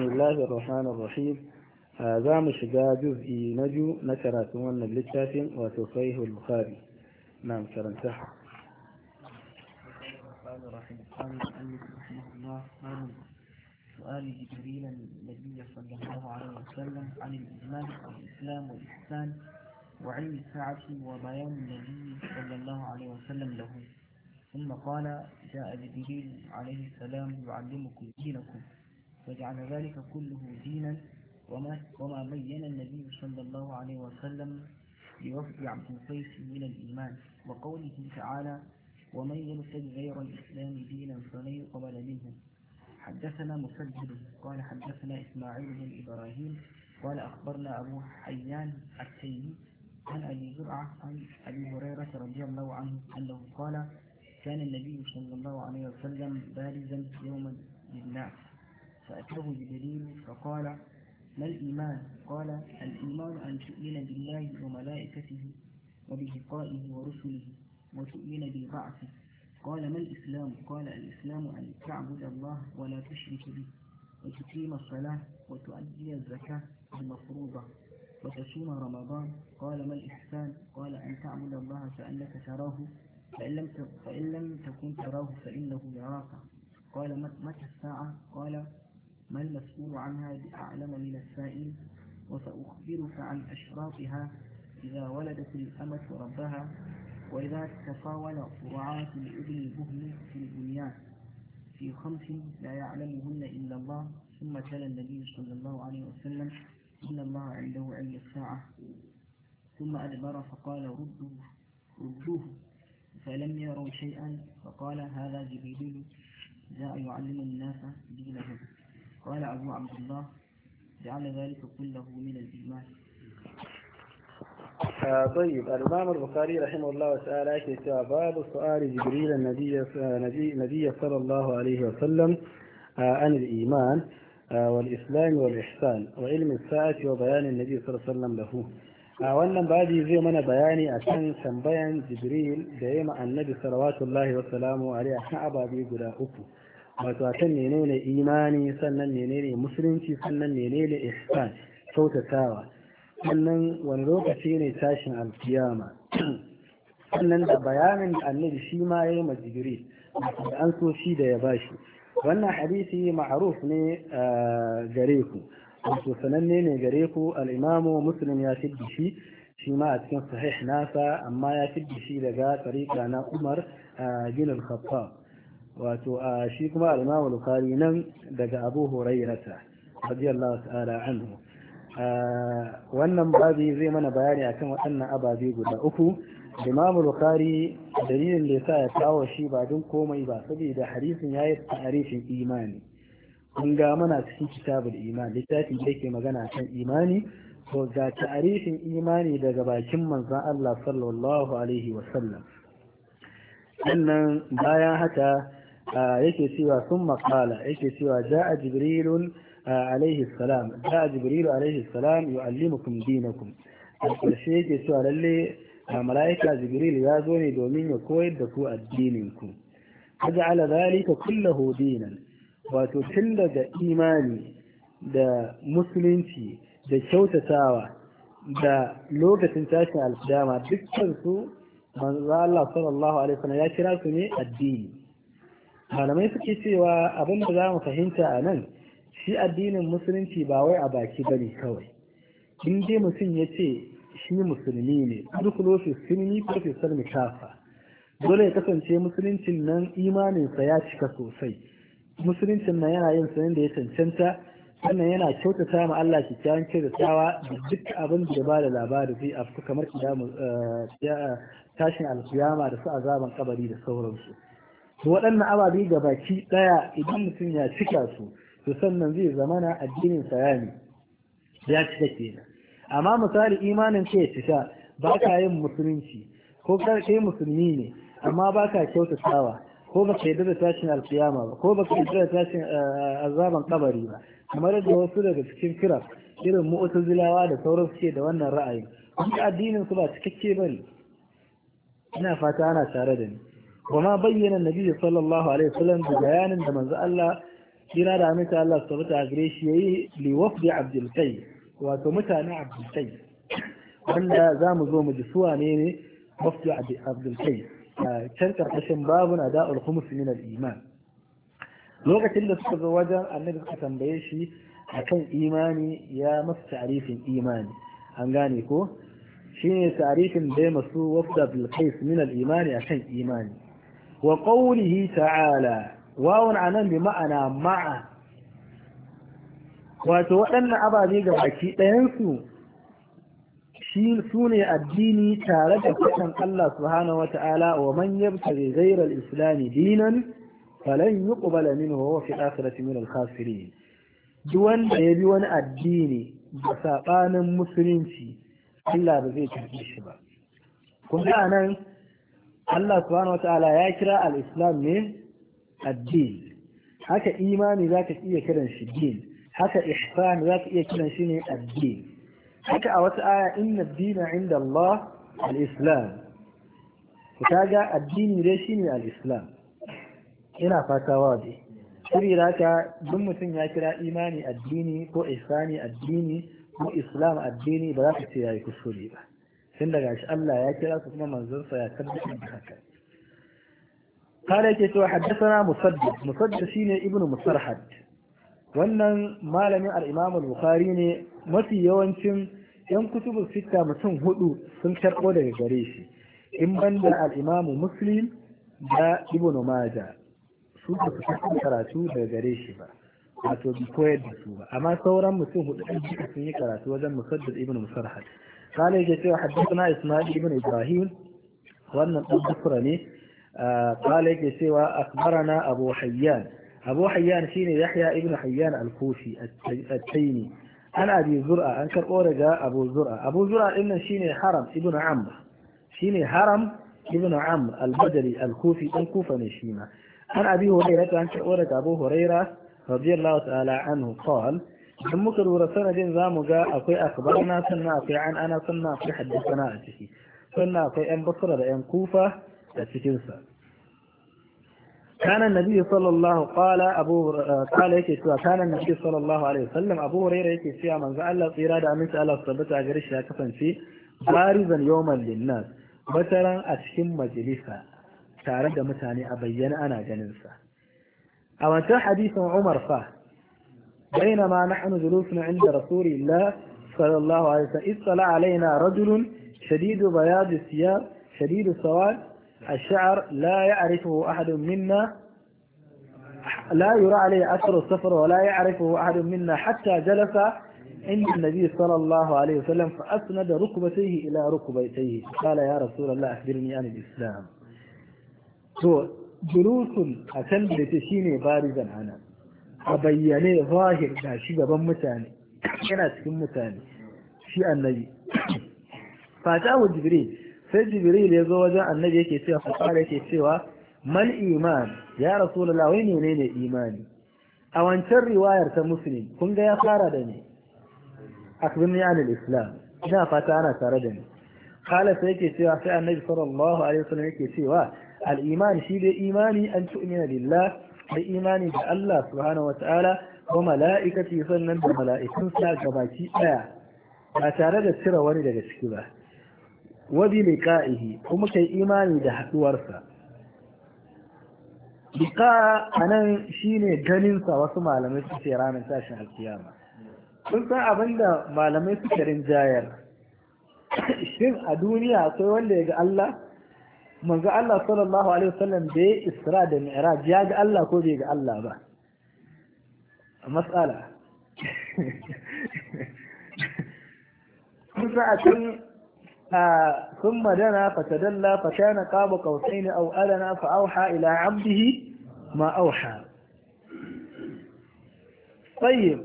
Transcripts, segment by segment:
بسم الله الرحمن الرحيم هذا آه، mu shiga juz'i na biyu na karatun wannan littafin wato sahihul bukhari سؤال جبريل النبي صلى الله عليه وسلم عن الإيمان والإسلام والإحسان وعلم الساعة وبيان النبي صلى الله عليه وسلم له ثم قال جاء جبريل عليه السلام يعلمكم دينكم وجعل ذلك كله دينا وما, وما بين النبي صلى الله عليه وسلم لوفد عبد القيس من الإيمان وقوله تعالى ومن يرتد غير الإسلام دينا فلن يقبل منه حدثنا مسجد قال حدثنا إسماعيل بن إبراهيم قال أخبرنا أبو حيان التيمي عن أبي زرعة عن أبي هريرة رضي الله عنه أنه قال كان النبي صلى الله عليه وسلم بارزا يوما للناس فأتاه جبريل فقال ما الإيمان قال الإيمان أن تؤمن بالله وملائكته وبلقائه ورسله وتؤمن ببعثه قال ما الإسلام قال الإسلام أن تعبد الله ولا تشرك به وتقيم الصلاة وتؤدي الزكاة المفروضة وتصوم رمضان قال ما الإحسان قال أن تعبد الله فأنك تراه فإن لم, فإن لم تكن تراه فإنه يراك قال متى الساعة قال ما المسؤول عنها بأعلم من السائل وسأخبرك عن أشراطها إذا ولدت الأمة ربها وإذا تطاول رعاة الإبل البهم في البنيان في خمس لا يعلمهن إلا الله ثم تلا النبي صلى الله عليه وسلم إن الله عنده علم الساعة ثم أدبر فقال ردوه ردوه فلم يروا شيئا فقال هذا جبريل جاء يعلم الناس دينهم قال أبو عبد الله جعل ذلك كله من الإيمان آه، طيب الإمام البخاري رحمه الله تعالى باب سؤال جبريل النبي نبي صلى الله عليه وسلم آه، عن الإيمان آه، والإسلام والإحسان وعلم الساعة وبيان النبي صلى الله عليه وسلم له wannan babi zai mana bayani a kan tambayan jibril da ya ma annabi salawatullahi wasalamu alaihi akan ababe guda uku wato ne menene imani sannan menene musulunci sannan ne ihsan kyautatawa sannan wani lokaci ne tashin alkiyama sannan da bayanin da annabi shi ma ya yi majibiri da an so shi da ya bashi wannan hadisi ma'aruf ne gare ku wato sananne ne gare ku al'imamu muslim ya fidda shi shi ma a cikin sahih nasa amma ya fidda shi daga tsarika na umar bin al-khattab wato a shi kuma al-Imam nan daga Abu Hurairata radiyallahu ta'ala anhu wannan babi zai mana bayani akan waɗannan ababe guda uku imamu Bukhari dalilin da yasa ya kawo shi ba don komai ba saboda hadisin yayi ta'arifin imani kun ga mana cikin kitabul iman littafin da yake magana kan imani to ga ta'arifin imani daga bakin manzon Allah sallallahu alaihi wasallam sannan bayan haka yake cewa sun makala yake cewa a jibrilun alaihi salam a jibrilun alaihi salam yu'allimukum dinakum ƙarshe yake cewa lalle mala'ika jibril ya zo ne domin ya koyar da ku addinin ku ala zalika kullahu dinan wato tun daga imani da musulunci da kyautatawa da lokacin tashin alkiyama dukkan su manzo Allah sallallahu alaihi wasallam ya kira su ne addini malamai suke cewa abin da za mu fahimta a nan shi addinin musulunci ba wai a baki bane kawai in dai mutum ya ce shi musulmi ne duk lofi sunni ko fi salmi kafa dole ya kasance musuluncin nan imaninsa ya cika sosai musuluncin nan yana yin sanin da ya cancanta wannan yana kyautata ma Allah kyakkyawan kyautatawa da duk abin da ba da labari zai afku kamar eh, tashin alkiyama da su azaban kabari da sauransu waɗannan ababe ga baki ɗaya idan mutum ya cika su to sannan zai na addinin sa ya ne ya cika kenan amma misali imanin ka ya cika ba ka yin musulunci ko kai musulmi ne amma ba ka kyautatawa ko ba ka yarda da tashin alkiyama ba ko ba ka yi da tashin eh, azaban kabari ba kamar da wasu daga cikin kira irin mu'tazilawa da sauran suke da wannan ra'ayi kuma addinin su ba cikakke bane ina fata ana tare da ni kuma bayyana nabi sallallahu alaihi wasallam da bayanin da manzo Allah kira da aminta Allah su tabbata a gare shi yayi li wafdi abdul kai wato mutane abdul kai wanda zamu zo mu ji su wane ne wafdi abdul kai can karkashin babun ada'ul khums min al iman lokacin da suka zo wajen annabi suka tambaye shi akan imani ya masu ta'rifin imani an gane ko shine ta'rifin da ya masu wafda bil qais min al imani akan imani wa qawlihi ta'ala wawun anan bi ma'ana ma'a wato waɗannan ababe ga baki ɗayansu shi addini tare da kusan Allah subhanahu wa ta'ala wa man yabtaghi ghayra al-islam dinan falan yuqbala minhu wa fi akhirati min al-khasirin duk wanda ya bi wani addini da sabanin musulunci Allah ba zai karbi shi ba kun nan Allah subhanahu wata'ala ya kira al'islam islam ne addini haka imani za ka iya kiran shi din haka ihsan za ka iya kiran shi ne addini haka a wata aya inna dina inda Allah al'islam islam ga addini dai shi ne al'islam ina fata waje saboda ka duk mutum ya kira imani addini ko ihsani addini ko islam addini ba za ka ce yayi kusuri ba tun daga shi Allah ya kira su kuma manzansa ya tabbatar da haka قال يكي سوى حدثنا مصدد مصدد شيني Ibn Musarhad. wannan malamin al'imam al-bukhari ne mafi yawancin ‘yan kutubun sita mutum hudu sun karɓo daga gare shi in banda al'imam muslim da ibn maja su ba su karɓo karatu daga gare shi ba wato bi koyar da su ba amma sauran mutum hudu ɗin sun yi karatu wajen musaddad ibn musarhad قال يجي حدثنا إسماعيل بن إبراهيم وأن الأبصرني قال يجي سوى أخبرنا أبو حيان أبو حيان شين يحيى ابن حيان الكوفي التيمي أنا أبي زرع أنكر أورجا أبو زرع أبو زرع إن شين حرم ابن عمرو شين حرم ابن عمرو البدري الكوفي الكوفة نشيمة عن أبي هريرة أنكر أورجا أبو هريرة رضي الله تعالى عنه قال in muka rura sanadin za mu ga akwai akabar na sannan akwai an sannan akwai haddasa a ciki sannan akwai yan basura da yan kufa a cikinsa kanan nabi sallallahu eh, yake cewa kanan nabi sallallahu alaihi wasallam abu huraira yake cewa manzo Allah tsira da aminci Allah su tabbata a garin shi ya kasance barizan yawman linnas bataran a cikin majalisa tare da mutane a bayyana ana ganinsa. a wancan hadisin Umar fa بينما نحن جلوسنا عند رسول الله صلى الله عليه وسلم إذ صلى علينا رجل شديد بياض الثياب شديد السواد الشعر لا يعرفه أحد منا لا يرى عليه أثر السفر ولا يعرفه أحد منا حتى جلس عند النبي صلى الله عليه وسلم فأسند ركبتيه إلى ركبتيه قال يا رسول الله أخبرني عن الإسلام جلوس أتنبت شيني بارزا عنه a bayyane zahir da shi gaban mutane yana cikin mutane shi annabi fatahu jibril sai jibril ya zo wajen annabi yake cewa fasara yake cewa mal iman ya rasulullah wai menene imani a wancan riwayar ta muslim kun ga ya fara da ni akbirni anil islam ina fata ana tare da ni kala sai yake cewa sai annabi sallallahu alaihi wasallam yake cewa al iman shi dai imani an tu'mina billah da imani da Allah subhanahu wata'ala wa mala'ikati sannan da ga gabaki daya ba tare da cire wani daga ciki ba wa bi liqa'ihi kuma kai imani da sa liqa anan shine ganin sa wasu malamai su ce ranar tashin alkiyama kun san abinda malamai suke jayar shin a duniya akwai wanda ya ga Allah manzo Allah sallallahu alaihi wasallam da isra da mi'raj ya ga Allah ko bai ga Allah ba mas'ala kusa a can a sun madana fatadalla fatana qaba qausain aw alana fa auha ila 'abdihi ma auha tayyib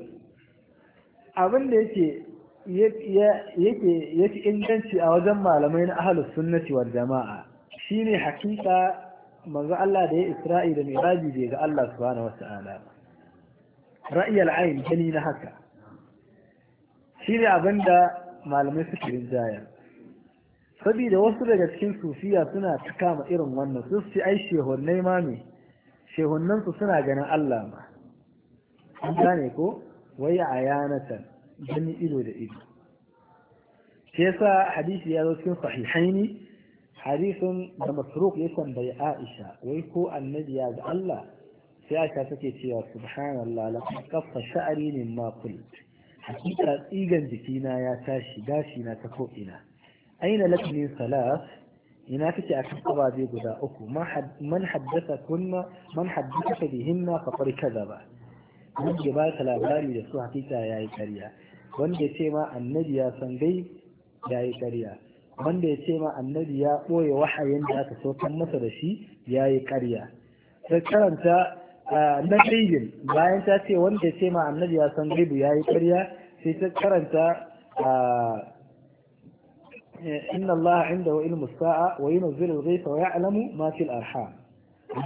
abin da yake yake yake inganci a wajen malamai na ahlus sunnati wal jama'a Shi ne hakika manzo Allah da ya Isra'i da Miraji bai ga Allah subhanahu wata'ala ra'ayi ayin gani na haka Shi shine abinda malamai suke jaya saboda wasu daga cikin sufiya suna ta ma irin wannan su su ai shehunnai ma me shehunnan su suna ganin Allah ma an gane ko wai ayanatan gani ido da ido shi yasa hadisi ya zo cikin sahihaini hadisin da masruq ya tambayi Aisha wai ko annabi ya ga Allah sai Aisha take cewa subhanallah la kaffa sha'ri min ma qult hakika tsigan jikina ya tashi gashi na ta ko ina aina lakni salas ina kake a kan guda uku man haddasa kunna man haddasa bihinna faqad kadaba duk labari da su hakika yayi ƙarya wanda ya ce ma annabi ya san gai yayi ƙarya wanda ya ce ma annabi ya ɓoye wahayin da aka saukan masa da shi ya yi ƙarya ta karanta na ɗayin bayan ta ce wanda ya ce ma annabi ya san gaibu ya yi ƙarya sai ta karanta inna Allah inda wa ilmu sa'a wa yi nazirin gaifa wa ya'lamu ma fil arha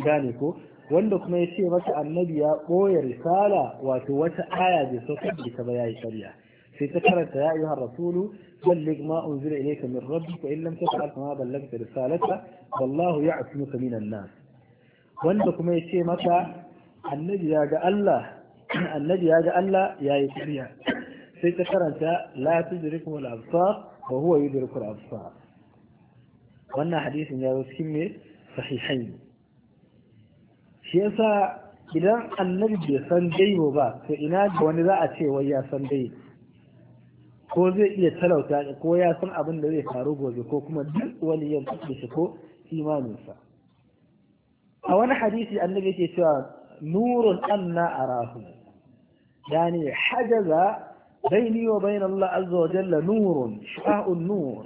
gane ko wanda kuma ya ce masa annabi ya ɓoye risala wato wata aya bai saukar da ba ya yi ƙarya sai ta karanta ya ayyuhar rasulu balligh ma unzila ilayka min rabbika in lam taf'al fama ballagta risalata wallahu ya'tumuka minan nas wanda kuma ya ce mata annabi ya ga Allah ya ga Allah yayi kariya sai ta karanta la tudrikum al-absar wa huwa yudriku al-absar wannan hadisin ya zo cikin me sahihain shi yasa idan annabi bai san gaibo ba to ina da wani za a ce wai ya san gaibo ko zai iya talauta ka ko ya san abin da zai faru gobe ko kuma duk wani ya da ko imaninsa a wani hadisi annabi yake cewa nurun anna arahu yani hajaza baini wa bain Allah azza wa jalla nurun sha'un nur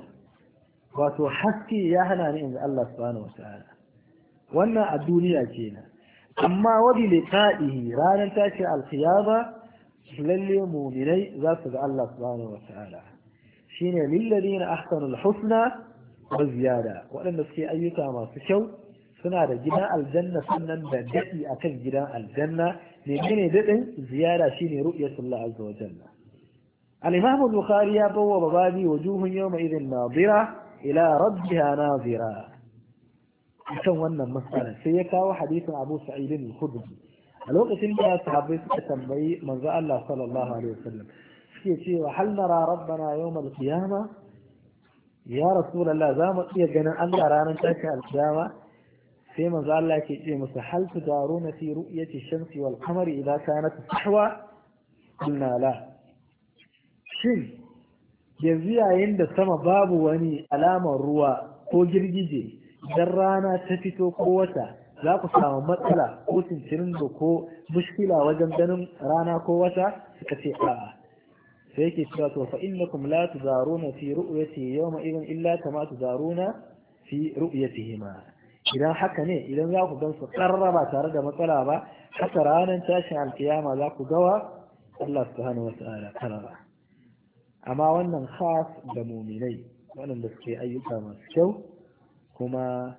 wato haske ya hana ni inda Allah subhanahu wataala wannan a duniya kenan amma wadi liqa'ihi ranar tashi alqiyama للي مؤمني ذات الله سبحانه وتعالى شين للذين احسنوا الحسنى وزيادة وأن في أي كما تشو سنة جنا الجنة سنة بدأي أكل جنا الجنة لمن دقن زيادة شين رؤية الله عز وجل الإمام البخاري يقول ببابي وجوه يومئذ ناظرة إلى ربها ناظرة يسوى أن المسألة سيكا وحديث أبو سعيد الخدري a lokacin da sahabbai suka tambayi manzo Allah sallallahu alaihi wasallam suke cewa hal nara rabbana al qiyama ya rasulullah za mu iya ganin Allah ranar al alkiyama sai manzo Allah ke ce musu hal tudaruna fi ru'yati shamsi wal qamari idha kanat sahwa qulna la shin yanzu yayin da sama babu wani alamar ruwa ko girgije idan rana ta fito ko wata za ku samu matsala ko cincirin da ko mushkila wajen ganin rana ko wata suka ce a'a sai yake cewa to fa innakum la tuzaruna fi ru'yati yawma idan illa kama tuzaruna fi ru'yatihima idan haka ne idan za ku gansu karraba tare da matsala ba haka ranar tashin alkiyama za ku gawa Allah subhanahu wata'ala karara amma wannan khas da muminai waɗanda suke ayyuka masu kyau kuma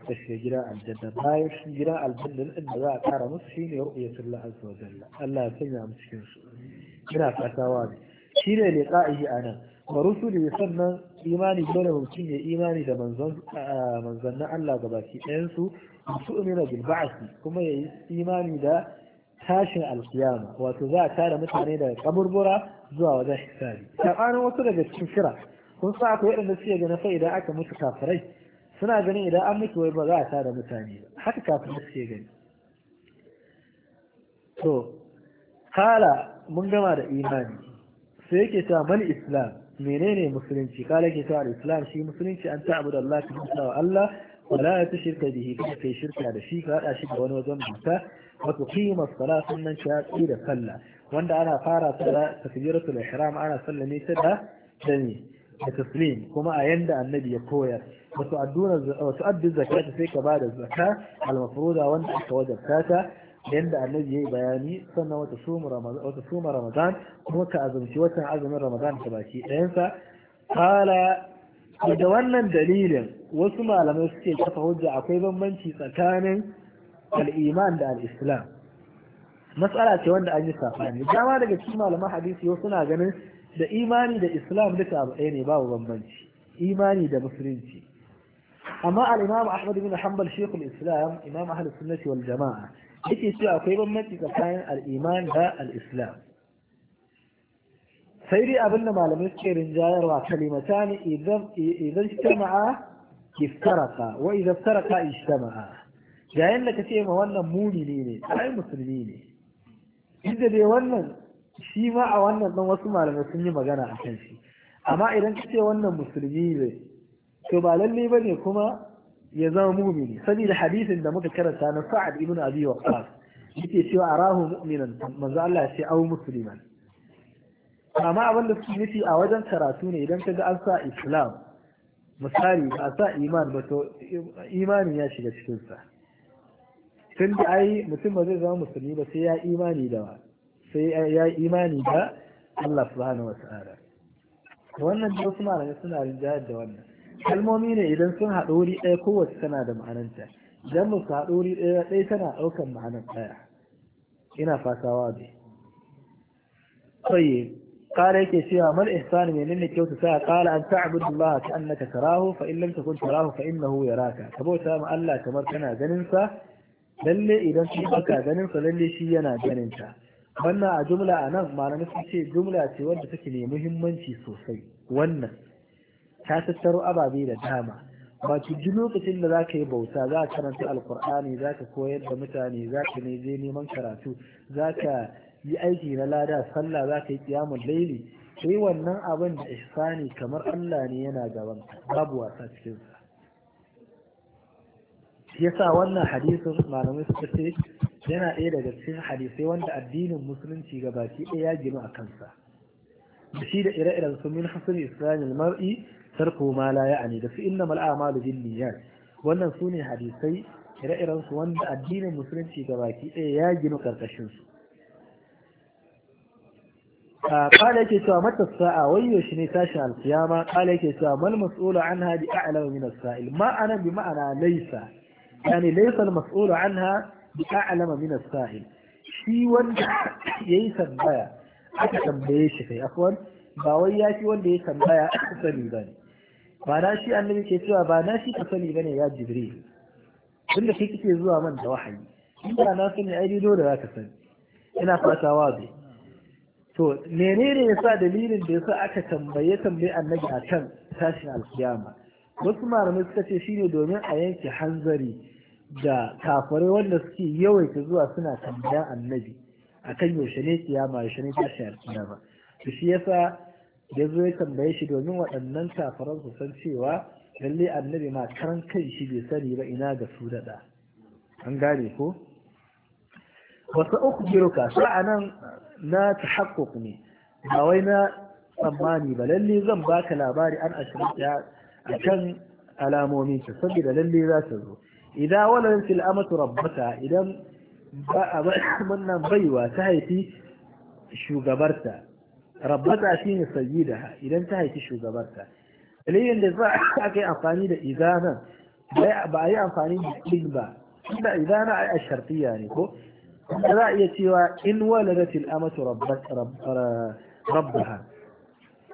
suka shiga gidan aljanna bayan shi gidan aljanna inda za a kara musu shi ne ru'yatullah azza wa jalla Allah ya sanya a cikin su ina fatawa ne shi ne liqa'ihi anan wa rusuli sannan imani dole mutum ya imani da manzon eh, manzannin Allah gabaki ɗayan su tu'mina bil ba'thi kuma yayi imani da tashin alkiyama wato za a tara mutane daga kaburbura zuwa wajen hisabi tsakanin wasu daga cikin kira kun sa akwai waɗanda suke ganin fa idan aka mutu kafirai suna ganin idan an miki wai ba za a da mutane ba haka kafin da suke gani to kala mun gama da imani sai yake cewa mal islam menene musulunci kala yake cewa islam shi musulunci an ta'budu Allah ta bauta Allah wa la tushrika bihi kada kai shirka da shi ka hada shi da wani wajen bauta wa tuqima as salata sunnan ka da sallah wanda ana fara sallah da takbiratul ihram ana sallame ta da dani da taslim kuma a yanda annabi ya koyar wasu adduna addu zakata sai ka bada zakka al-mafruda wanda aka wajabta ta yanda annabi yayi bayani sannan wata suma ramadan wata ramadan kuma ka azumci watan azumin ramadan ka baki ɗayan sa da wannan dalilin wasu malamai suke kafa hujja akwai bambanci tsakanin al-iman da al-islam matsala ce wanda an yi safani dama daga cikin malaman hadisi wasu na ganin da imani da islam duka abu ɗaya ne babu bambanci imani da musulunci amma al-imam ahmad bin hanbal shekul islam imam ahlus sunnati wal jama'a yake cewa akwai bambanci tsakanin al da al'islam. sai dai abin da malamai suke rinjayarwa kalimata ne idan ijtama'a iftaraka wa idan iftaraka ijtama'a yayin da kace ma wannan mumini ne ai musulmi ne inda dai wannan shi ma a wannan ɗan wasu malamai sun yi magana a kan shi amma idan kace wannan musulmi ne to ba lalle ba ne kuma ya zama mumini saboda hadisin da muka karanta na sa'ad ibn abi waqqas yake cewa arahu mu'minan manzo Allah ya ce au musliman amma abin da suke nufi a wajen karatu ne idan ka ga an sa islam misali ba sa iman ba to imanin ya shiga cikin sa tun da ai mutum ba zai zama musulmi ba sai ya imani da sai ya yi imani da Allah su hana wasu ara. Wannan da suna rinjayar da wannan. Kalmomi ne idan sun haɗu wuri ɗaya kowace tana da ma'ananta. Idan ba su haɗu wuri ɗaya tana ɗaukar ma'anar ɗaya. Ina fasawa bai. Kwaye, ƙara yake cewa mal ihsan mai nanne kyautu sa ƙara an ta abu dubba ta naka tarahu fa in lanta kun nahu ya raka. Ka bauta ma Allah kamar kana ganin sa. Lalle idan shi baka ganin sa lalle shi yana ganin ta. wannan a jumla a nan malamai sun ce jumla ce wanda take mai muhimmanci sosai wannan ta tattaro ababe da dama Ba ki ji lokacin da za ka yi bauta za ka karanta alkur'ani za ka koyar da mutane za ka ne je neman karatu za ka yi aiki na lada sallah za ka yi kiyamun laili sai wannan abin da ihsani kamar Allah ne yana gaban babu wasa cikin sa yasa wannan hadisin malamai suka ce yana ɗaya daga cikin hadisai wanda addinin musulunci ga baki ɗaya ya ginu a kansa da shi da ire-iren su min hasan islamin mar'i tarko ma la ya'ani da su inna mal a'malu bin niyyat wannan su ne hadisai ire-iren su wanda addinin musulunci ga baki ɗaya ya ginu karkashin su قال يكي سوى متى الساعة ويوش نتاشى القيامة قال يكي سوى ما المسؤول عنها بأعلم من السائل ما أنا بمعنى ليس يعني ليس المسؤول عنها ya alama min sa'il shi wanda yayi tambaya aka tambaye shi kai afwan ba wai ya shi wanda ya tambaya aka sani ba ne ba na shi annabi ke cewa ba na shi ka sani ne, ya jibril tunda shi kike zuwa man da wahayi inda na sani ai dole za ka sani ina fata wazi to menene sa dalilin da ya sa aka tambaye tambaye annabi akan tashin alkiyama wasu malamai suka ce shine domin a yanke hanzari da kafare wanda suke yawaita zuwa suna tambaya annabi akan yaushe ne kiyama yaushe ne tashi ba to shi yasa ya zo ya tambaye shi domin waɗannan kafaran su san cewa lallai annabi ma karan kan shi bai sani ba ina ga su da an gane ko wasu uku a sa'anan na ta tahaqquq ne ba wai na tsammani ba lallai zan baka labari an ashirin a kan alamomin ta saboda lalle za ta zo idan walan fil amatu rabbata idan ba a wannan baiwa ta haifi shugabarta rabbata shine sayyidaha idan ta haifi shugabarta dalilin da za a kai amfani da idanan ba a yi amfani da ɗin ba inda idana a shartiya ne ko za a iya cewa in waladatil amatu rabbaha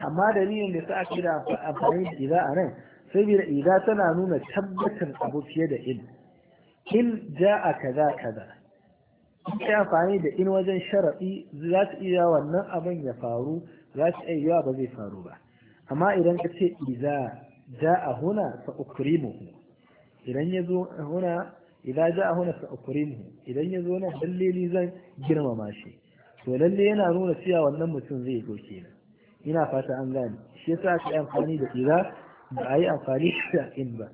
amma dalilin da za a da amfani da idza a nan da idza tana nuna tabbatar abu fiye da in in ja'a kaza kaza ya amfani da in wajen sharaɗi za ta iya wannan abin ya faru za ta iya yawa ba zai faru ba amma idan ka ce iza ja'a huna fa ukrimuhu idan ya zo huna idan ja'a huna fa ukrimuhu idan ya zo nan lalle ni zan girmama shi to lalle yana nuna cewa wannan mutum zai zo kenan ina fata an gane shi yasa aka yi amfani da iza ba a yi amfani da in ba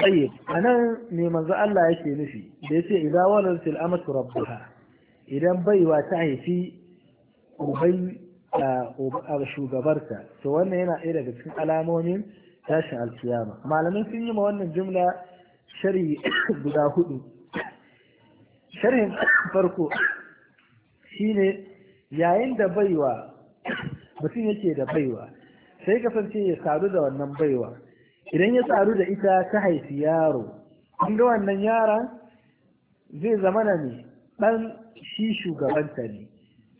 tsaye a nan ne manzo Allah yake nufi da ya ce idan walar sil'amatu rabbaha idan baiwa ta haifi uban shugabarta to wannan yana ɗaya daga cikin alamomin tashin alkiyama malamin sun yi ma wannan jumla shari guda hudu sharhin farko shine yayin da baiwa mutum yake da baiwa sai kasance ya sadu da wannan baiwa idan ya tsaru da ita ta haifi yaro an ga wannan yaran zai zama na ne ɗan shi shugabanta ne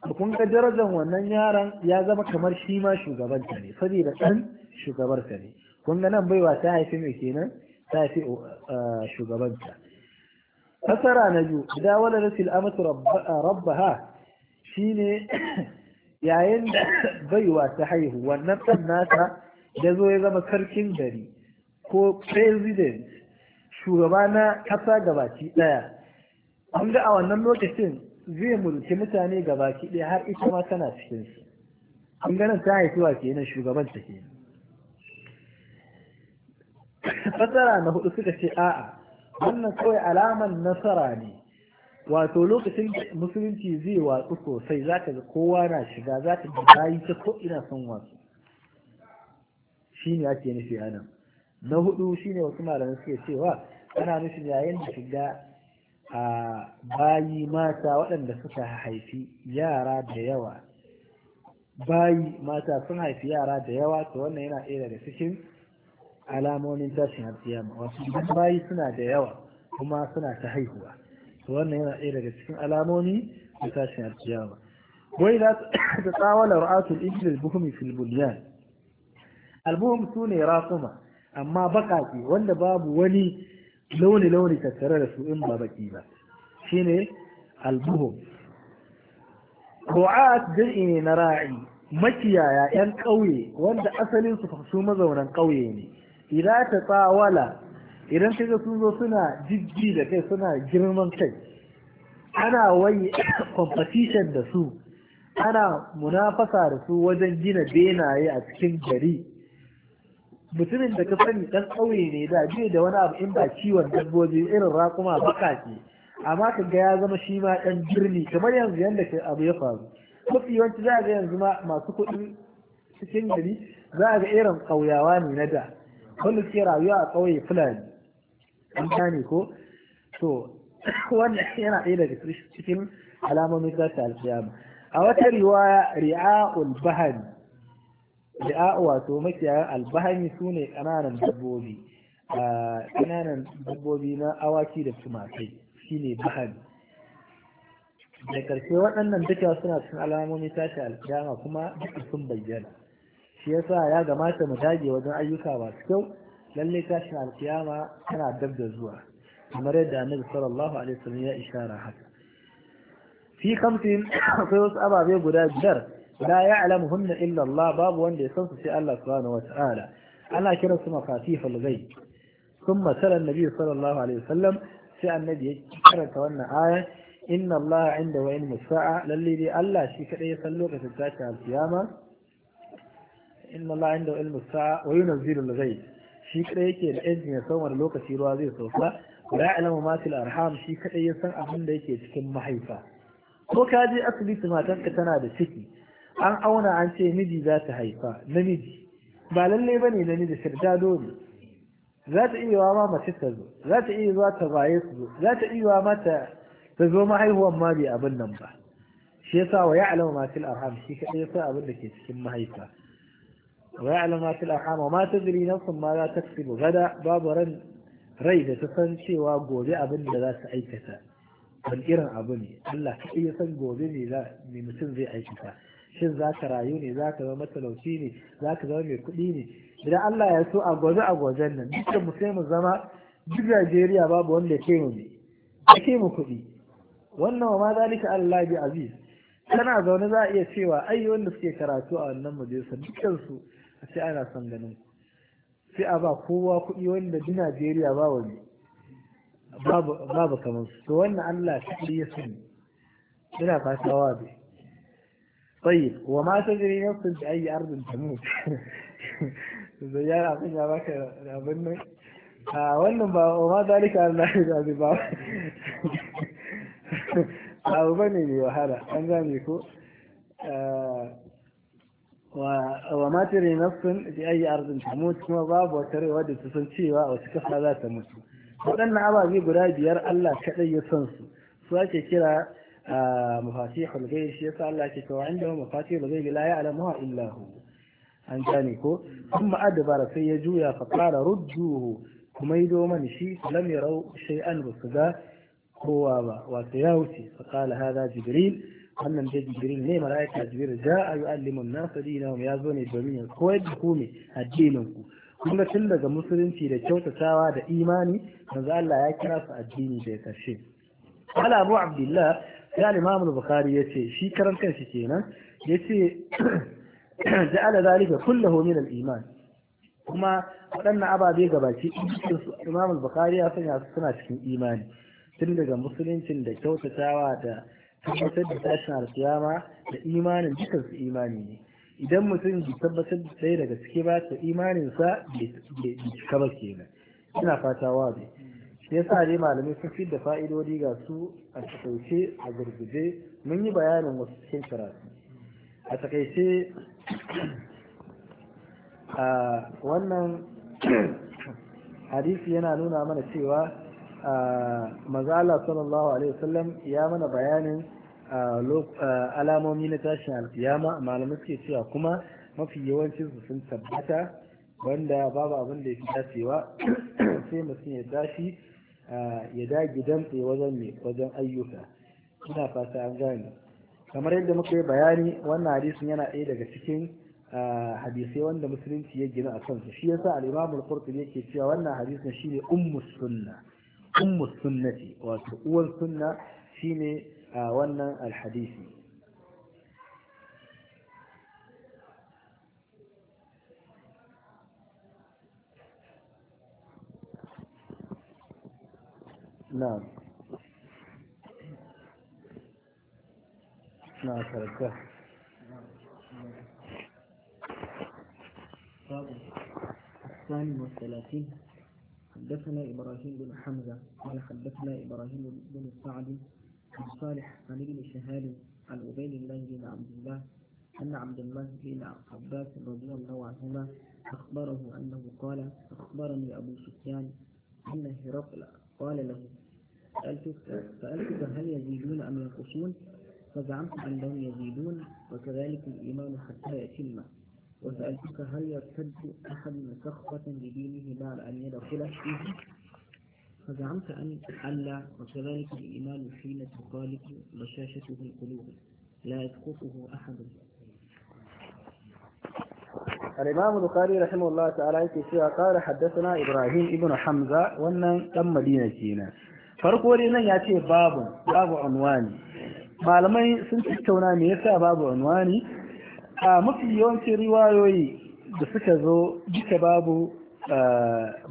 A kun ga darajar wannan yaran ya zama kamar shi ma shugabanta ne saboda ɗan shugabarta ne kun ga nan baiwa ta haifi mai kenan ta haifi uh, uh, shugabanta fasara na biyu da wala rasul amatu rabbaha shine yayin da baiwa ta haihu wannan ɗan nasa da zo ya zama sarkin gari ko president shugaba na ƙasa gabaki ɗaya an ga a wannan lokacin zai mulki mutane gabaki daya har ita ma tana cikin su an ganin ta haifuwa kenan shugaban ta ke fasara na hudu suka ce a'a wannan kawai alaman nasara ne wato lokacin musulunci zai watsu sosai za ka ga kowa na shiga za ka ta bayi ta ko ina son wasu shi ne ake nufi a nan na hudu shine wasu malamai suke cewa ana nufin yayin da shiga a bayi mata waɗanda suka haifi yara da yawa bayi mata sun haifi yara da yawa to wannan yana ɗaya daga cikin alamomin tashin alƙiyama wasu idan bayi suna da yawa kuma suna ta haihuwa to wannan yana ɗaya daga cikin alamomi na tashin alƙiyama wai za ta tsawala ra'atul iblis buhumi fil bunyan albuhum sune rasuma amma baƙaƙe wanda babu wani launi-launi tattare da su in ba baƙi ba shine albuhum ru'at jam'i ne na ra'i makiyaya 'yan ƙauye wanda asalin su su mazaunan ƙauye ne idan ta tsawala idan kaga sun zo suna jijji da kai suna girman kai ana wai competition da su ana munafasa da su wajen gina benaye a cikin gari mutumin da ka sani ɗan ƙauye ne da bai da wani abu in ba ciwon dabbobi irin raƙuma baka ce amma ka ga ya zama shi ma ɗan birni kamar yanzu yanda abu ya faru mafi yawanci za a ga yanzu ma masu kuɗi cikin gari za a ga irin ƙauyawa ne na da wanda suke rayuwa a ƙauye fulani an gane ko to wannan yana ɗaya daga cikin alamomin za ta a wata riwaya ul bahari da'a wato makiyayan albahami su ne ƙananan dabbobi ƙananan dabbobi na awaki da tumakai shine Bahani. da ƙarshe waɗannan duka suna cikin alamomi tashi alkiyama kuma duka sun bayyana shi yasa ya gamata mu dage wajen ayyuka masu kyau lallai tashi alkiyama tana dab da zuwa kamar yadda annabi sallallahu alaihi wasallam ya ishara haka fi kamfin akwai wasu ababe guda biyar la ya'lamuhunna illa Allah babu wanda ya san su sai Allah subhanahu ana kiran su mafatih al-ghaib thumma tala an sai annabi ya karanta wannan aya inna Allah inda wa ilmu sa'a dai Allah shi kadai ya san lokacin tashin al-kiyama inna Allah inda wa ilmu sa'a wa yunzilu al shi kadai yake da injin ya san wani lokaci ruwa zai sauka la ya'lamu arham kadai ya san abin da yake cikin mahaifa ko kaje asibiti tana da ciki an auna an ce miji za ta haifa namiji ba lallai ba ne namiji shirdado ne za ta iya ma mace ta zo za ta iya zuwa ta baye su zo za ta iya mata. ta zo mahaihuwan ma bai abin nan ba shi yasa wa ya'lamu ma fil arham shi kadai abin da ke cikin mahaifa wa ya'lamu ma fil arham ma tadri nafsun ma za ta tsibu gada babu ran rai da ta san cewa gobe abin da za ta aikata wani irin abu ne Allah ta iya san gobe ne mutum zai aikata shin za ka rayu ne za ka zama matalauci ne za ka zama mai kuɗi ne idan Allah ya so a gwaje a gwajen nan dukkan mu sai mu zama duk Najeriya babu wanda ya mu ne ya kai mu kuɗi wannan ma zalika Allah bi aziz kana zaune za a iya cewa ai wanda suke karatu a wannan majalisa dukkan su a ce ana son ganin ku sai a ba kowa kuɗi wanda duk Najeriya ba wani babu kamar su to wannan Allah ya ya sani ina fatawa wa bai طيب وما تدري نفس بأي أرض ya baka abin nan a wannan ba wa ma zalika Allah ya zai ba abu ne wahala an gane ko wa ma tare nafsun bi ayi ardin tamut kuma babu wata rai wadda ta san cewa wasu kasa za ta mutu waɗannan ababe guda biyar Allah kaɗai ya san su su ake kira mafatihul ghaib shi yasa Allah ke cewa inda mafatihul ghaib la ya'lamuha illa hu an gane ko kuma adbara sai ya juya fa qala rudduhu kuma yido man shi lam yarau shay'an rusuga kowa ba wato ya wuce fa qala hada jibril wannan dai jibril ne mala'ika jibril ja'a yu'allimu an-nasa dinahum ya zo ne domin ya koyar da ku ne addinin ku kuma tun daga musulunci da kyautatawa da imani manzo Allah ya kira su addini da karshe قال أبو sai bukari ya ce yace shi karan kanshi kenan yace ja'ala zalika kulluhu min al-iman kuma waɗannan ababe gabaki su al bukari ya sanya su suna cikin imani tun daga musuluncin da kyautatawa da tabbatar da tashin alkiyama da imanin dukkan su imani ne idan mutum bai tabbatar da ɗaya daga ciki ba to imaninsa bai cika ba kenan ina fata wa bai shi yasa dai malamai sun fi da fa'idodi ga su a takaice a gurguje mun yi bayanin wasu cikin karatu a takaice a wannan hadisi yana nuna mana cewa mazala sallallahu alaihi wasallam ya mana bayanin alamomi na tashin alkiyama malamai suke cewa kuma mafi yawancin su sun tabbata wanda babu abin da ya fi dacewa sai mutum ya tashi ya dage damtse wajen ne wajen ayyuka ina fata an gane kamar yadda muka yi bayani wannan hadisin yana ɗaya daga cikin hadisai wanda musulunci ya gina a kansu shi yasa al-Imam al-Qurtubi yake cewa wannan hadisin shine ummu sunna ummu sunnati wato uwan sunna shine wannan al-hadisi نعم نعم تركه الثاني والثلاثين حدثنا إبراهيم بن حمزة قال حدثنا إبراهيم بن سعد عن صالح عن ابن شهاب عن عبيد الله بن عبد الله أن عبد الله بن عباس رضي الله عنهما أخبره أنه قال أخبرني أبو سفيان أن هرقل قال له سألتك هل يزيدون أم ينقصون فزعمت أنهم يزيدون وكذلك الإيمان حتى يتم وسألتك هل يرتد أحد سخطة لدينه بعد أن يدخل فيه فزعمت أن ألا وكذلك الإيمان حين تخالف بشاشته القلوب لا يسقطه أحد الإمام البخاري رحمه الله تعالى في قال حدثنا إبراهيم ابن حمزة وأن تم مدينة farko dai nan ya ce babu babu unwani malamai sun tattauna me yasa babu unwani a mafi yawancin riwayoyi da suka zo duka babu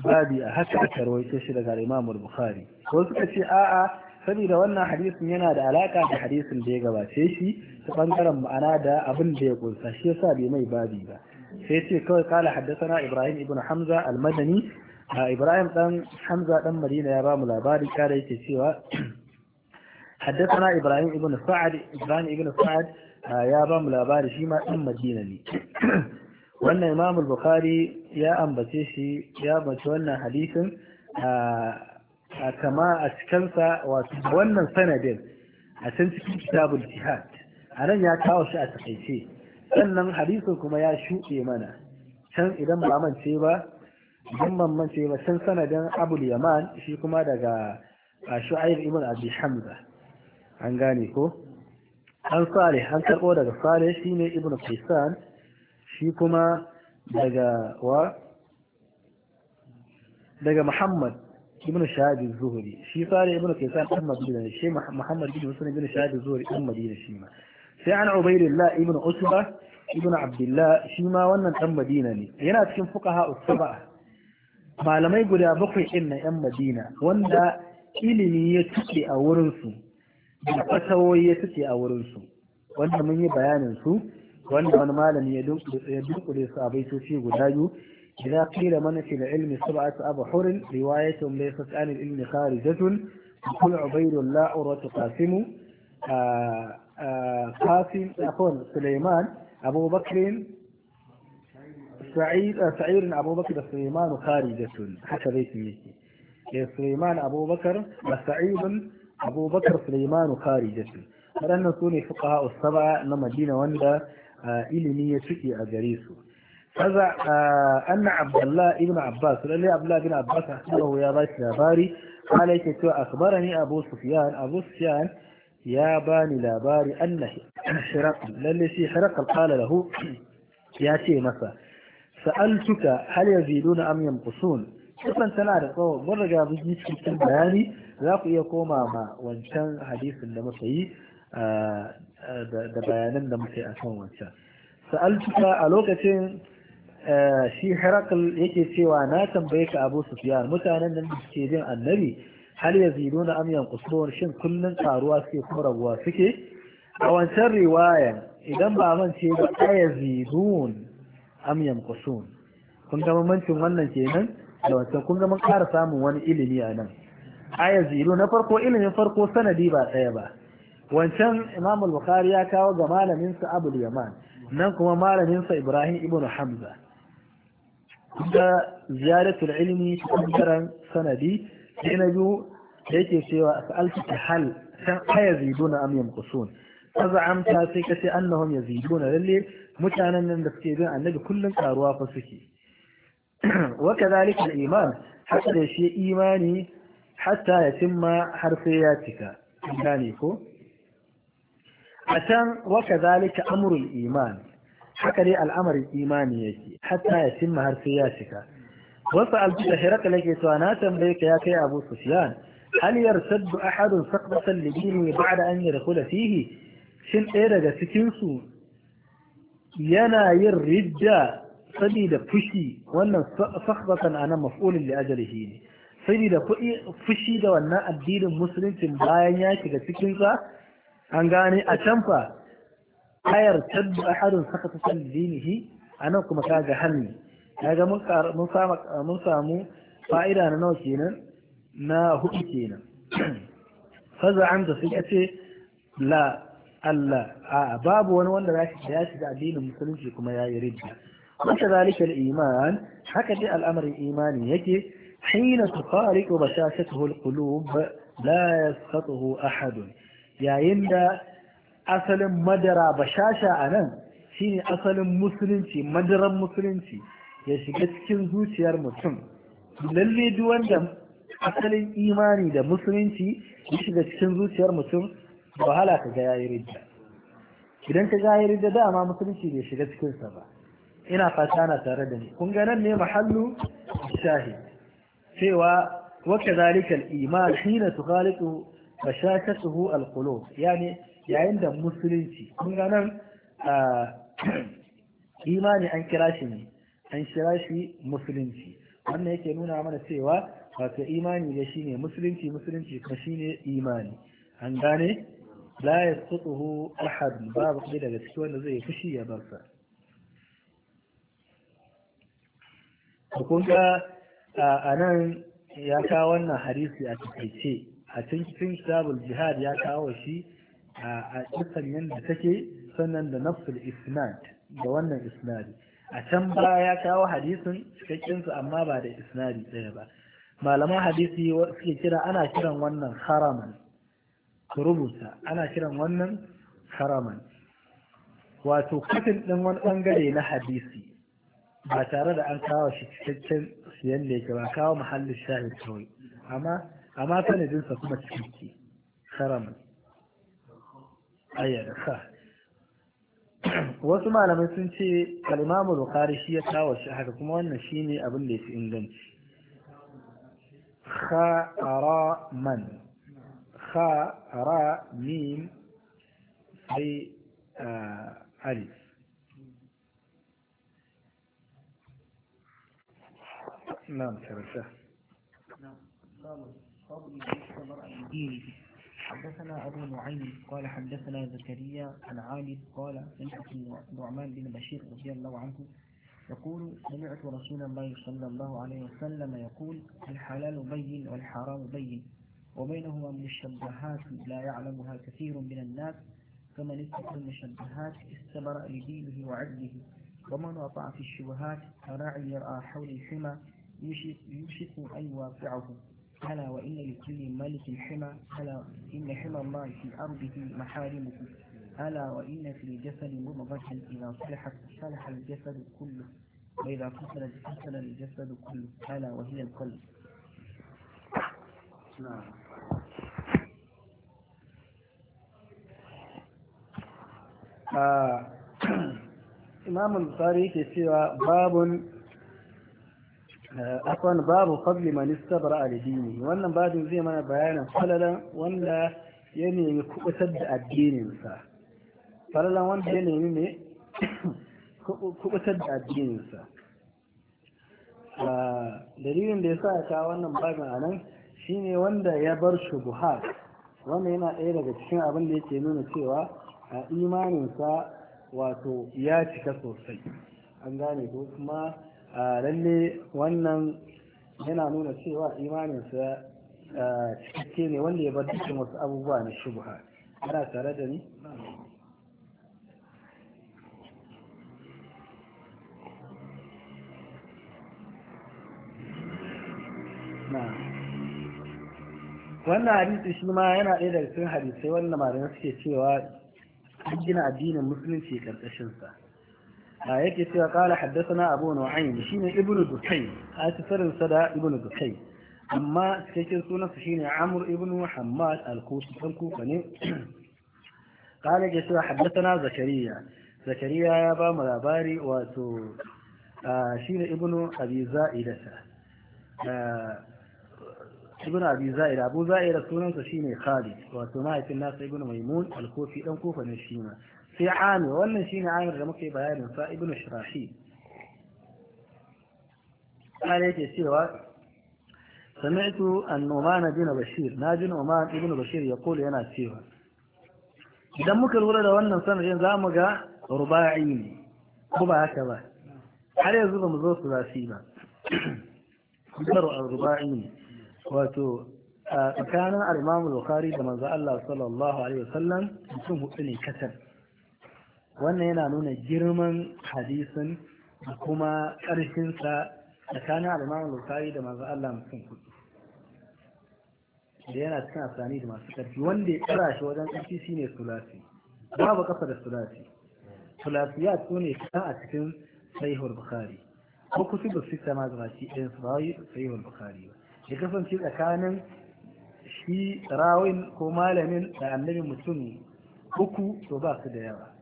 babi a haka aka rawaito shi daga Imam Bukhari ko suka ce a'a saboda wannan hadisin yana da alaka da hadisin da ya gabace shi ta bangaren ma'ana da abin da ya kunsa shi yasa bai mai babi ba sai ce kawai kala na Ibrahim ibn Hamza al-Madani a ibrahim dan hamza dan madina ya ba mu labari kada yake cewa haddasa na ابن Ibn ابراهيم ابن سعد يا بام لاباري شي ما دان madina ne wannan imam al-bukhari ya ambace shi ya ambace wannan hadisin a kama a cikin sa wato wannan sanadin a can cikin kitabul jihad a nan ya kawo shi a takaice sannan hadisin kuma ya shuɗe mana can idan ba mance ba idan mamance ba san sanadin abul yaman shi kuma daga shu'aib ibn abi hamza an gane ko an salih an karbo daga salih shine ibn qaisan shi kuma daga wa daga muhammad ibn shahab az-zuhri shi salih ibn qaisan dan madina shi muhammad ibn muslim ibn shahab az-zuhri dan madina shi ma sai an ubaydillah ibn usba ibn abdullah shi ma wannan ɗan madina ne yana cikin fuqaha usaba malamai guda bakwai ɗin na 'yan madina wanda ilimi ya tuke a wurinsu da fasahohi ya tuke a wurinsu wanda mun yi bayanin su wanda wani malami ya dunkule su a baitoci guda biyu idan kila mana fi ilmi sab'atu abhurin riwayatun laysa kan ilmi kharijatun kul ubaydullah urwatu qasimu ah, ah, qasim afwan sulaiman abubakrin sa'irin abubakar da suleiman kharijatun haka zai yi ke da sa'idun abubakar suleiman kharijatun waɗannan su ne fuqaha usaba na madina wanda ilimi ya tuki a gare su kaza anna abdullah ibn abbas lalle abdullah ibn abbas akhbarahu ya ba shi labari قال يكتو أخبرني أبو سفيان أبو سفيان يا باني لاباري أنه حرق للي في حرق قال له يا شي مسا sa'altuka hal yaziduna am yanqusun kusan tana da tsawo mun riga mun yi cikin bayani za ku iya koma ma wancan hadisin da muka yi da bayanan da muka yi kan wancan sa'altuka a lokacin shi Herakl yake cewa na tambaye ka Abu Sufyan mutanen nan da suke jin annabi hal yaziduna am yanqusun shin kullun karuwa suke ko raguwa suke a wancan riwayan idan ba man ce ba yazidun am yanqusun kun ga bambancin wannan kenan da wata kun ga mun ƙara samun wani ilimi a nan aya zero na farko ilimin farko sanadi ba ɗaya ba wancan imamal bukhari ya kawo ga malamin sa abul yaman nan kuma malamin sa ibrahim ibnu hamza da ziyaratul ilmi kudaran sanadi sai na biyu da yake cewa sa'altu hal san aya ziduna am yanqusun kaza amta sai kace annahum yaziduna lalle mutanen nan da suke bin annabi kullum karuwa fa suke wa kadhalika al-iman haka da shi imani hatta ya timma har sai ya cika gane ko a can wa kadhalika amrul iman haka dai al'amarin imani yake hatta ya timma har sai ya cika wasu albuta shiraka lake cewa na tambaye ka ya kai abu sufyan hal yarsaddu ahadun saqbatan lidini ba'da an yadkhula fihi shin ɗaya daga cikin su yana yin ridda saboda fushi wannan sakhbatan ana maf'ulin li ajalihi ne saboda fushi da wannan addinin musuluncin bayan ya shiga cikin sa an gane a can fa ayar tadda ahadun sakhatan dinihi anan kuma kaga hanni kaga mun mun samu mun samu fa'ida na nawa kenan na hudu kenan faza an da suka ce la Allah aa babu wani wanda za shi ya shiga addinin musulunci kuma ya yi ridda wata zalika iman haka dai al'amarin imani yake hina tufariqu bashashatuhu ta qulub la yasqatuhu ahad yayin da asalin madara a nan, shine asalin musulunci madaran musulunci ya shiga cikin zuciyar mutum lalle duk wanda asalin imani da musulunci ya shiga cikin zuciyar mutum wahala ka ga yayi rijiya idan ka ga yayi rijiya dama musulunci bai shiga cikin sa ba ina fata ana tare da ni kun ga nan ne mahallu shahi cewa wa kadhalika al-iman hina tukhaliqu fashatatuhu al-qulub yani yayin da musulunci kun ga nan imani an kira shi ne an kira shi musulunci wannan yake nuna mana cewa wato imani da shine musulunci musulunci ka ne imani an gane la yasqutuhu ahad babu ɗaya daga ciki wanda zai fushi ya bar sa to kun a nan ya kawo wannan hadisi a takaice a cikin kitabul jihad ya kawo shi a kisan yadda take sannan da nafsul isnad da wannan isnadi a can ba ya kawo hadisin cikakkinsu amma ba da isnadi ɗaya ba malaman hadisi suke kira ana kiran wannan haraman ka rubuta ana kiran wannan haraman wato katin ɗin wani ɓangare na hadisi ba tare da an kawo shi cikakken siyan da yake ba kawo muhallin shahid kawai amma amma sanadinsa kuma cikakke haraman ayyar ka wasu malamai sun ce kalimamu bukari shi ya kawo shi haka kuma wannan shine abin da ya fi inganci Karaman. خاء راء ميم في ألف نعم كرسة نعم حدثنا أبو نعيم قال حدثنا زكريا عن عالد قال سمعت نعمان بن بشير رضي الله عنه يقول سمعت رسول الله صلى الله عليه وسلم يقول الحلال بين والحرام بين وبينهما مشبهات لا يعلمها كثير من الناس فمن اتقى المشبهات استبرأ لدينه وعدله ومن وقع في الشبهات فراعي يرى حول الحمى يوشك أن يوافعه ألا وإن لكل ملك حمى ألا إن حمى الله في أرضه محارمه ألا وإن في الجسد مضغة إذا صلحت صلح الجسد كله وإذا فصلت فصل الجسد كله ألا وهي القلب imam al-bukhari yake cewa babun afwan babu fadli man istabra al-dini wannan babin zai mana bayanin falalan wanda ya nemi kubutar da addininsa falalan wanda ya nemi ne kubutar da addininsa dalilin da ya sa ta wannan babin a nan shi ne wanda ya bar shubuhat wanda yana ɗaya daga cikin abin da yake nuna cewa a imaninsa wato ya cika sosai an gane ko kuma a lalle wannan yana nuna cewa imaninsa cikakke ne wanda ya bar cikin wasu abubuwa na shubha ana tare da ni na wannan hadisi shi ma yana ɗaya daga cikin hadisai wanda malamai suke cewa an gina addinin musulunci karkashin sa a yake cewa kala haddathana abu nu'aym shine ibnu dukay a tsarin sa da ibnu dukay amma cikakken sunansa shine amr ibnu hammad al-kufi dan kufa ne قال يسوع حدثنا زكريا زكريا يا با ملاباري واتو آه شين ابن أبي زائدة آه ابن أبي زائر أبو زائر سنن سشين خالد وسماعة الناس ابن ميمون الكوفي أم كوفة نشينا في عام والنشين عام رمكي بيان فا ابن الشراحي عليك السيوة سمعت أن أمان بن بشير ناجن أمان ابن بشير يقول أنا السيوة دمك الولد وانا سنجن زامك رباعين أبا هكذا حريزو بمزوط لا سيما دمر الرباعين wato a tsakanin al-Imam da manzo Allah sallallahu alaihi wasallam mutum hudu ne katar wannan yana nuna girman hadisin da kuma ƙarfin sa tsakanin al-Imam da manzo Allah mutum hudu da yana cikin asani da masu ƙarfi wanda ya tsara shi wajen ƙarfi shine sulasi babu kafa da sulasi sulasiyat su ne kan a cikin sahihul bukari ko kutubu sita ma gabaki ɗayan su ba sahihul bukari ba ya kasance tsakanin shi rawin ko malamin da annabi mutum uku to ba su da yawa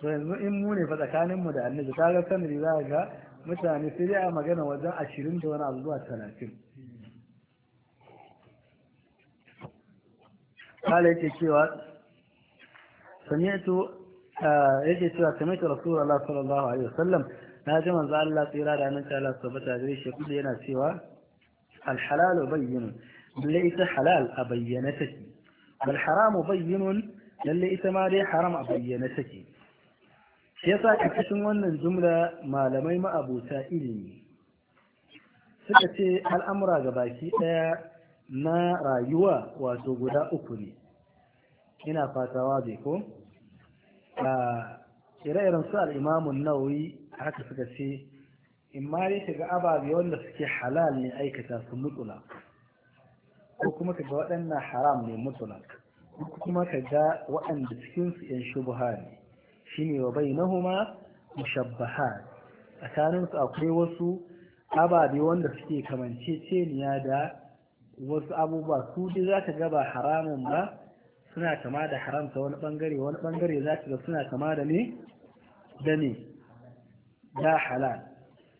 to yanzu in mu ne fa tsakanin mu da annabi ta ga sanari za ga mutane sai a magana wajen ashirin da wani abu zuwa talatin kala yake cewa sami'tu yake cewa sami'tu rasulullah sallallahu alaihi wasallam na ji manzo Allah tsira da nan ta Allah tabbata gare shi kullu yana cewa alhalalu bayyinun lalle ita halal a bayyane take bal haramu bayyinun ita ma dai haram a bayyane take shi yasa a cikin wannan jumla malamai ma'abuta ilimi suka ce al'amura ga baki ɗaya na rayuwa wato guda uku ne ina fatawa bai ko a ire-iren su al'imamun nauyi haka suka ce in ma dai shiga ababe wanda suke halal ne aikata su mutula ko kuma ka ga waɗannan haram ne mutula ko kuma ka ga waɗanda cikinsu ‘yan shubuha ne shine wa bai nahuma mushabbaha tsakaninsu akwai wasu ababe wanda suke kamanceceniya da wasu abubuwa su dai za ka gaba haramun ba suna kama da haramta wani bangare wani bangare za ka ga suna kama da ne da ne da halal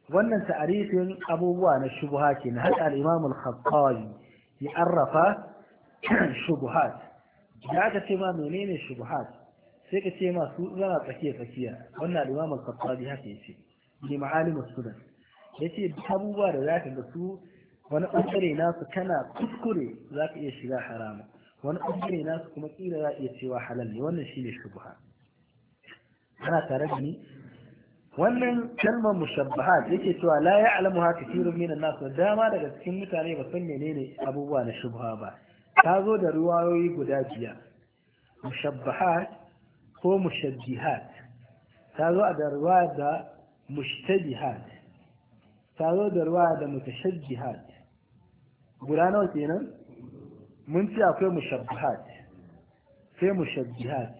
wannan ta'arifin abubuwa na shubuha ke na haɗa al'imam al ya arrafa shubuhat da aka ce ma menene shubuhat sai ka ce ma su zama tsakiya tsakiya wannan al'imam al-khattabi haka yace ne ma'alimu Ya yace abubuwa da za ga su wani ɓangare nasu kana kuskure za ka iya shiga harama wani ɓangare nasu kuma kila za iya cewa halal ne wannan shine shubuha ana tare da ni wannan kalmar mushabbahat yake cewa la ya'lamu ha kathirun minan nas da dama daga cikin mutane ba san menene abubuwa na shubha ba ta zo da ruwayoyi guda biyar mushabbahat ko mushabbihat ta zo da ruwa da mushtabihat ta zo da ruwa da mutashabbihat guda nawa kenan mun ci akwai mushabbahat sai mushabbihat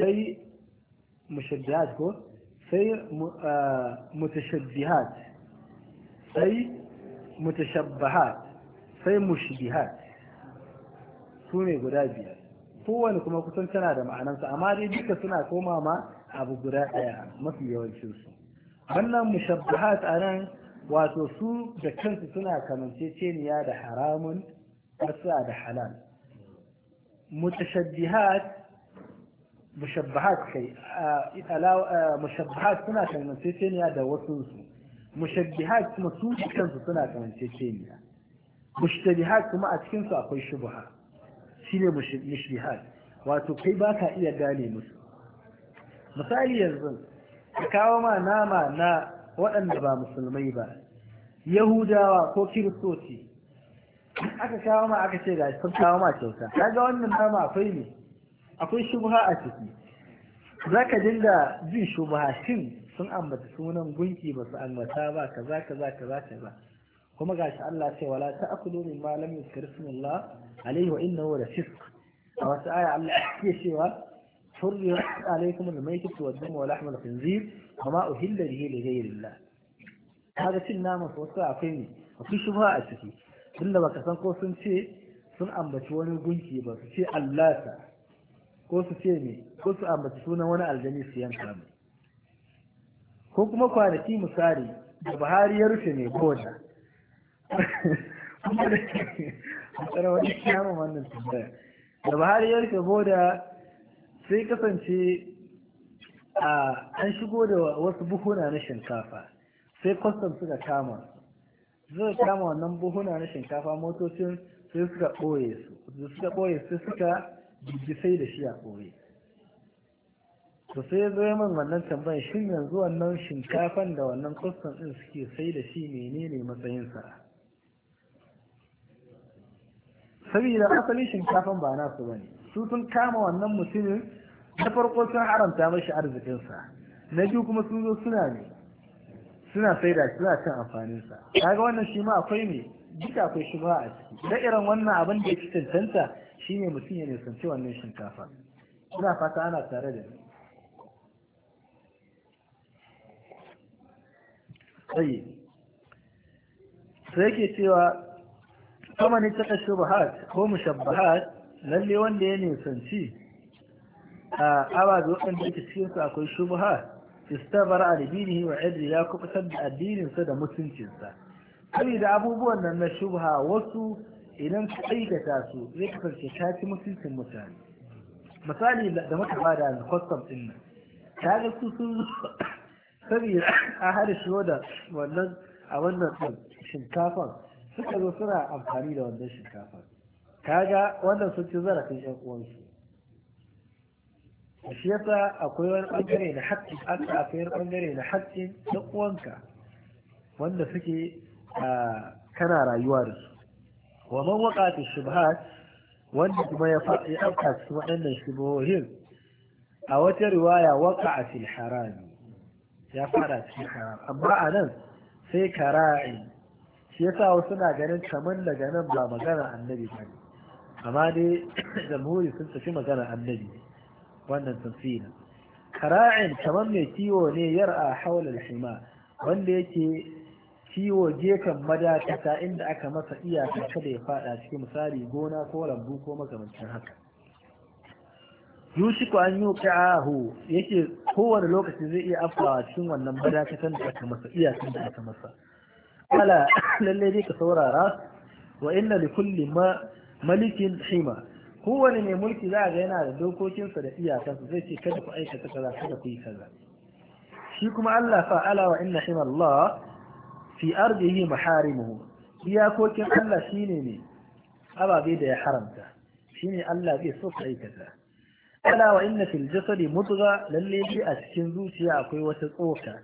sai mushajjihat ko sai mutashabbihat sai mutashabbahat sai mushbihat su ne guda biyar kowane kuma kusan tana da ma'anansa amma dai duka suna koma ma abu guda ɗaya mafi yawancinsu wannan mushabbahat a nan wato su da kansu suna kamanceceniya da haramun wasu da halal mutashabbihat mushabbahat kai mushabbahat suna kamanceceniya da wasu su mushabbihat kuma su kansu suna kamanceceniya mushtabihat kuma a cikin su akwai shubha shine mushbihat wato kai baka iya gane musu misali yanzu ka kawo ma nama na waɗanda ba musulmai ba yahudawa ko kiristoci aka kawo ma aka ce ga sun kawo ma kyauta kaga wannan nama akwai ne akwai shubha a ciki za ka dinga jin shubha shin sun ambata sunan gunki ba su ambata ba kaza kaza kaza kaza kuma shi Allah ce wala ta'kulu mimma lam yuzkar ismullah alayhi wa innahu la a wasu aya Allah ya cewa حرمت عليكم الميتة والدم ولحم الخنزير وما أهل به لغير الله هذا في النام وصوصة عقيمي وفي شبهة أسكي إلا وكسان قوسن شيء sun ambaci wani gunki ba su ce ko su ce ne ko su ambaci sunan wani aljani su yanka mai ko kuma kwanaki misali da buhari ya rufe mai boda kuma da tsara wani kyamun wannan tambaya da buhari ya rufe boda sai kasance a an shigo da wasu buhuna na shinkafa sai kwastam suka kama zai kama wannan buhuna na shinkafa motocin sai suka ɓoye su suka ɓoye sai suka sai da shi a ɓoye to sai zo man wannan tambayan shin yanzu wannan shinkafan da wannan kwastan ɗin suke sai da shi menene matsayinsa Sabida asalin shinkafan ba na su bane su sun kama wannan mutumin na farko sun haramta mashi arzikinsa na biyu kuma sun zo suna ne suna da suna cin amfaninsa kaga wannan shi ma akwai ne duka akwai shi ba a ciki da irin wannan abin da ya ci cancanta shine mutum ya nisanci wannan shinkafa ina fata ana tare da ni tsaye sai ke cewa kama ne ta shubahat, ko mushabahat lalle wanda ya nisanci a ababe waɗanda yake cikinsu akwai shubha istabar addinihi wa irri ya kuɓutar da addininsa da mutuncinsa da abubuwan nan na shubaha wasu idan ka aikata su zai kasance ta ci mutuncin mutane misali da muka bada da kwastam din nan ta ga su sun saboda a hada shigo da wannan a wannan shinkafan suka zo suna amfani da wannan shinkafan Ta ga wannan sun ci zarafin yan uwansu A shi yasa akwai wani bangare na haƙƙin aka akwai wani bangare na haƙƙin yan uwanka wanda suke ah, kana rayuwa da su wa man waqa fi shubhat wanda kuma ya faɗi afka cikin waɗannan shubohin. a wata riwaya waqa fil harami ya fara cikin haram amma a nan sai kara'i shi yasa wasu na ganin kamar daga nan ba magana annabi ba ne amma dai jamhuri sun tafi magana annabi wannan tafsira kara'in kamar mai kiwo ne yar'a haula al-hima wanda yake ciwo gefen madakata inda aka masa iyaka kada ya fada cikin misali gona ko lambu ko makamancin haka yushiku an yi ka'ahu yake kowane lokaci zai iya afkawa cikin wannan madakatan da aka masa iyakan da aka masa ala lalle dai ka saurara wa inna li kulli ma malikin hima kowane mai mulki za ga yana da dokokinsa da iyakansa zai ce kada ku aikata kaza kada ku yi kaza shi kuma Allah fa'ala wa inna hima Allah fi ardihi maharimuhu iyakokin Allah shine ne ababe da ya haramta shine Allah zai so ka aikata ala wa inna fil jasadi mudgha lalle shi a cikin zuciya akwai wata tsoka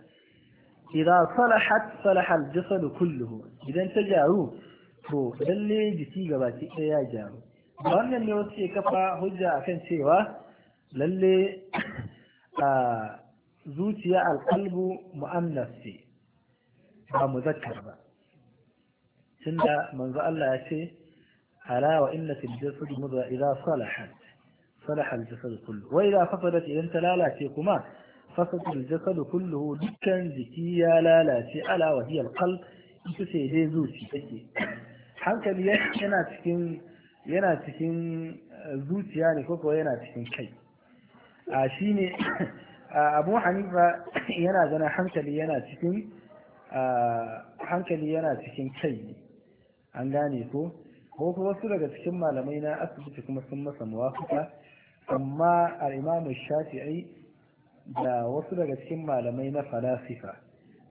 idza salahat salaha al jasad kulluhu idan ta jaru to lalle jiki gabaki ɗaya ya jaru wannan ne wasu ke kafa hujja akan cewa lalle a ah, zuciya alƙalbu mu'annas ce ba muzakkar ba tunda manzo Allah ya ce ala wa inna fil jasad mudra idza salahat salaha al jasad kullu wa idza fasadat idan ta lalace kuma fasada al jasad kulluhu dukkan jiki ya lalace ala wa hiya al qalb ita ce dai zuci take hankali yana cikin yana cikin eh, zuciya ne koko yana cikin kai a shine abu hanifa yana ganin hankali yana cikin hankali yana cikin kai an gane ko ko wasu daga cikin malamai na asibiti kuma sun masa muwafaka amma al'imamu shafi'i da wasu daga cikin malamai na falasifa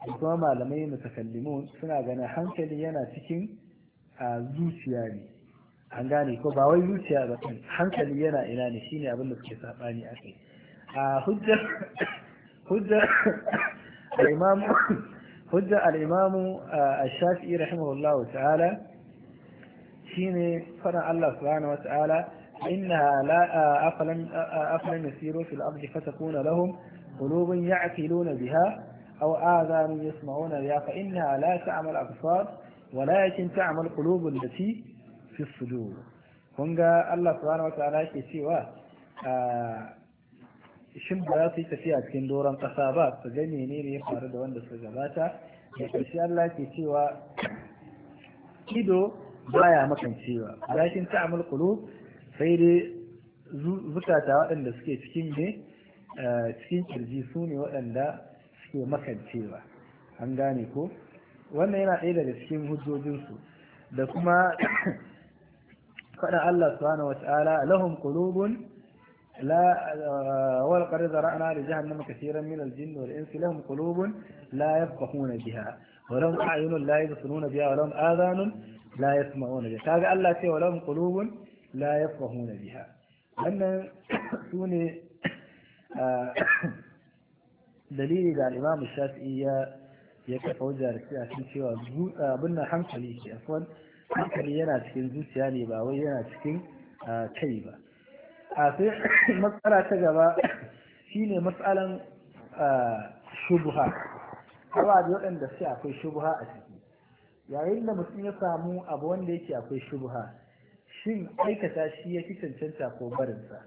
da kuma malamai mutakallimun suna ganin hankali yana cikin zuciya ne an gane ko ba wai zuciya ba hankali yana ina ne shine abin da suke sabani a kai a hujjar hujjar al'imamu هدى الإمام آه، الشافعي رحمه الله تعالى شين فرع الله سبحانه وتعالى إنها لا أقل آه، أقل آه، يسير في الأرض فتكون لهم قلوب يعقلون بها أو آذان يسمعون بها فإنها لا تعمل الأبصار ولكن تعمل قلوب التي في الصدور كونغا الله سبحانه وتعالى كي سوى shin ba za su yi tafiya cikin doron ƙasa ba su ga menene ya faru da wanda su gabata da ƙarshe Allah ke cewa ido baya makancewa lakin ta'amul qulub sai dai zukata waɗanda suke cikin ne eh, cikin kirji su ne waɗanda suke makancewa an gane ko wannan yana ɗaya daga cikin hujjojinsu da kuma faɗa Allah subhanahu ta'ala lahum qulubun لا ولقد ذرأنا لجهنم كثيرا من الجن والإنس لهم قلوب لا يفقهون بها ولهم أعين لا يبصرون بها ولهم آذان لا يسمعون بها كذا الله تي ولهم قلوب لا يفقهون بها لأن سوني dalili da al'imamu shafi'i ya kafa wajen a cikin cewa abin nan hankali ke afon hankali yana cikin zuciya ne ba wai yana cikin kai ba a sai matsala ta gaba shine matsalan shubha kawa da waɗanda sai akwai shubha a ciki yayin da mutum ya samu abu wanda yake akwai shubha shin aikata shi ya fi cancanta ko barinsa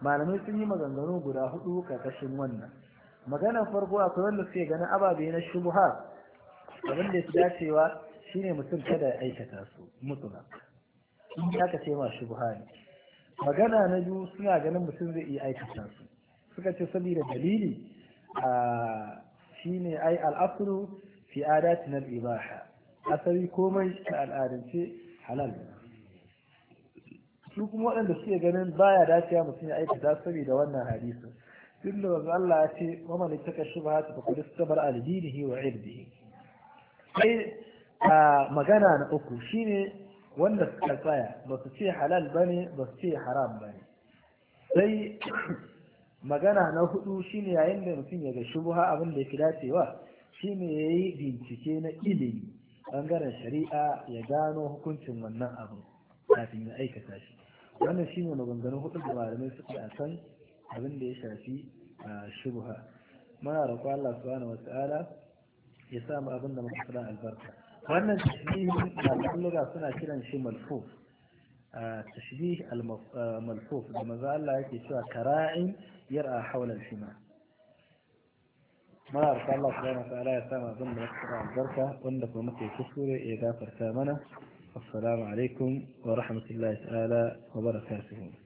malamai sun yi maganganu guda hudu karkashin wannan maganar farko akwai wanda suke ganin ababe na shubha abin da ya dacewa shine mutum kada ya aikata su mutuna in ka ce ma shubha ne magana na biyu suna ganin mutum zai iya aikata su suka ce saboda dalili a ne ai al'asru fi adati na ibaha asali komai a al'adance halal su kuma waɗanda suke ganin baya dacewa mutum ya aikata saboda wannan hadisin duk da wanzu Allah ya ce wa man ittaka ba fa qad su al-dinihi wa 'irdihi sai magana na uku shine wanda suka tsaya ba su ce halal ba ne ba su ce haram ba ne sai magana na hudu shine yayin da mutum ya ga shubuha abin da ya fi dacewa shine ya yi bincike na ilimi bangaren shari'a ya gano hukuncin wannan abu kafin ya aikata shi wannan shine maganganun hudu da malamai suka a kan abin da ya shafi a shubuha muna roƙon Allah subhanahu wata'ala ya samu abin da muka fara albarka wannan tashbihin malaman lura suna kiran shi malfuf tashbih malfuf da maza Allah yake cewa kara'in yar'a haula al-hima mara da Allah subhanahu wa ta'ala ya sa ma zan da kira albarka wanda kuma muke kuskure ya gafarta mana assalamu alaikum wa rahmatullahi ta'ala wa barakatuhu